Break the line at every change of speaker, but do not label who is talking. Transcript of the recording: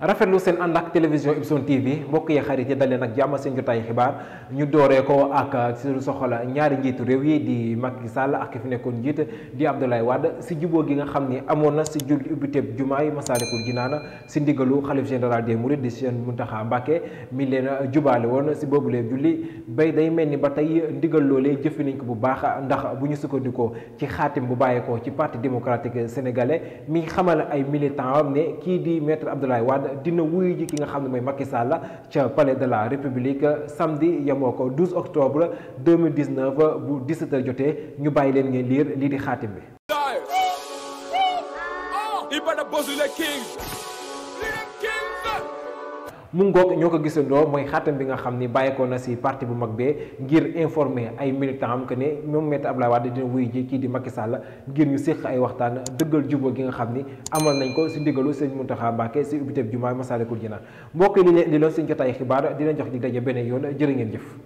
lu seen ànd ak télévision Ibsen TV mbokk yi xarit yi daleen ak jàmm seen jotaay xibaar ñu dooree ko ak si soxla ñaari njiitu réew yi di Macky Sall ak ki fi nekkoon njiit di Abdoulaye Wade si jubóo gi nga xam ni amoon na si julli ubbiteb jumaay Masaalikul Jinaan si ndigalu xalif général des Mourides di Sëriñ Muntaxa Mbàkke mi leen jubaale woon si boobulee julli bay day mel ni ba tey ndigal loolee jëfe nañ ko bu baax ndax bu ñu sukkandikoo ci xaatim bu bàyyeekoo ci parti démocratique sénégalais mi xamal ay militants am ne kii di Wade dina wuyu ji ki nga xam ne mooy Macky Sall ca palais de la République samedi yemoo ko 12 octobre 2019 bu 17h jotee ñu bàyyi leen ngeen liir lii di xaatim bi. mu ngoog ñoo ko gisandoo mooy xaatam bi nga xam ni bàyyeekoo na si parti bu mag bee ngir informé ay militants am que ne moom Maître Abdoulaye Wade dina wuy ji kii di Macky Sall ngir ñu séq ay waxtaan dëggal jubóo gi nga xam ni amal nañ ko si ndigalu sëñ Mountakha Mbacké si ubbiteb jumaa Massalikul Jinaan mbokk yi li leen di loon seen jotaay xibaar dina jox di daje beneen yoon jërë ngeen jëf